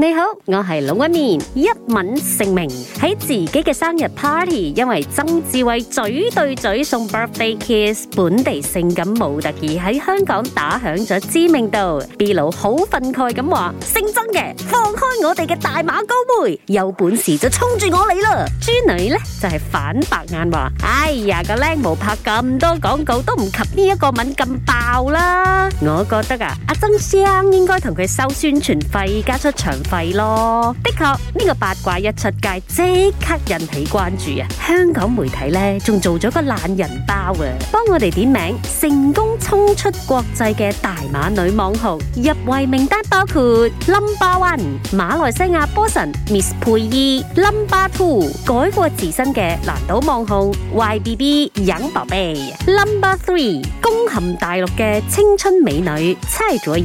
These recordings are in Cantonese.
你好，我係老文一面一吻成名喺自己嘅生日 party，因為曾志偉嘴對嘴送 birthday kiss，本地性感模特兒喺香港打響咗知名度。Bill 好憤慨咁話：姓曾嘅，放開我哋嘅大馬高妹，有本事就衝住我嚟啦！豬女呢就係反白眼話：哎呀，個靚模拍咁多廣告都唔及呢一個吻咁爆啦！我覺得啊，阿曾生應該同佢收宣傳費加出場費。費咯，的確呢個八卦一出街即刻引起關注啊！香港媒體呢仲做咗個懶人包啊，幫我哋點名成功衝出國際嘅大馬女網紅入圍名單，包括 Number One 馬來西亞波神 Miss 佩伊，Number Two 改過自身嘅南島網紅 YBB 楊寶貝，Number Three 攻陷大陸嘅青春美女猜左耳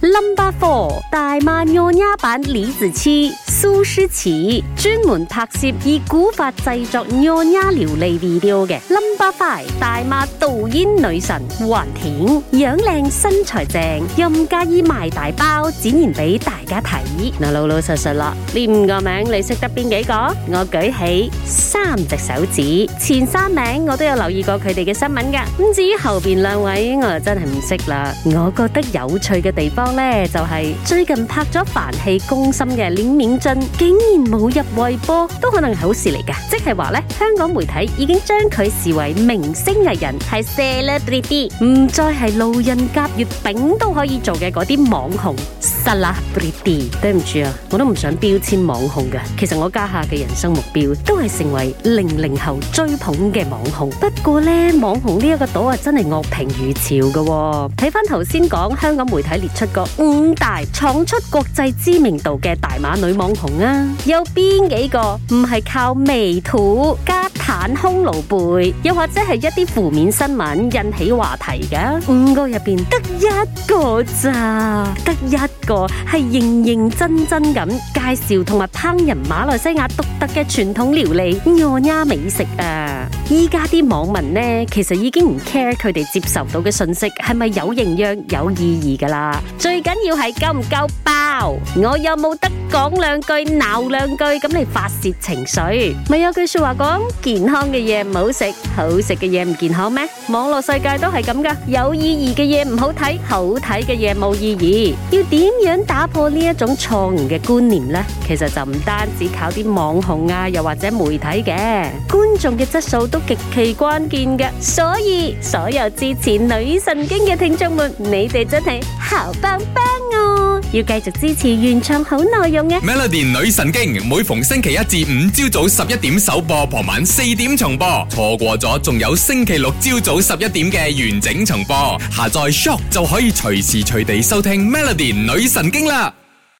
，Number Four 大曼若亞版。李子柒、蘇詩琪，專門拍攝以古法製作娘惹料理 video 嘅 number five 大馬導演女神黃甜，樣靚身材正，又唔介意賣大包，展現俾大家睇。嗱老,老老實實啦，呢五個名你識得邊幾個？我舉起三隻手指，前三名我都有留意過佢哋嘅新聞噶，咁至於後邊兩位我就真係唔識啦。我覺得有趣嘅地方咧，就係、是、最近拍咗凡戲。公心嘅李敏俊竟然冇入圍波都可能係好事嚟噶，即係話咧，香港媒體已經將佢視為明星藝人，係 celebrity，唔再係路人甲、月餅都可以做嘅嗰啲網紅 celebrity。對唔住啊，我都唔想標籤網紅噶。其實我家下嘅人生目標都係成為零零後追捧嘅網紅。不過咧，網紅呢一個島啊，真係惡評如潮嘅、哦。睇翻頭先講，香港媒體列出個五大闖出國際知名程度嘅大碼女網紅啊，有邊幾個唔係靠微圖加袒胸露背，又或者係一啲負面新聞引起話題嘅？五個入邊得一個咋？得一個係認認真真咁介紹同埋烹飪馬來西亞獨特嘅傳統料理呀呀美食啊！依家啲網民呢，其實已經唔 care 佢哋接受到嘅信息係咪有營養有意義噶啦，最緊要係夠唔夠爆，我有冇得講兩句鬧兩句咁嚟發泄情緒？咪有句說話講，健康嘅嘢唔好食，好食嘅嘢唔健康咩？網絡世界都係咁噶，有意義嘅嘢唔好睇，好睇嘅嘢冇意義，要點樣打破呢一種錯誤嘅觀念呢，其實就唔單止靠啲網紅啊，又或者媒體嘅觀眾嘅質素都極其關鍵嘅。所以所有支持《女神經》嘅聽眾們，你哋真係好棒棒哦，要繼續支持原創好內容啊《Melody 女神經》。每逢星期一至五朝早十一點首播，傍晚四點重播，錯過咗仲有星期六朝早十一點嘅完整重播。下載 Shock 就可以隨時隨地收聽《Melody 女神經》。神經啦！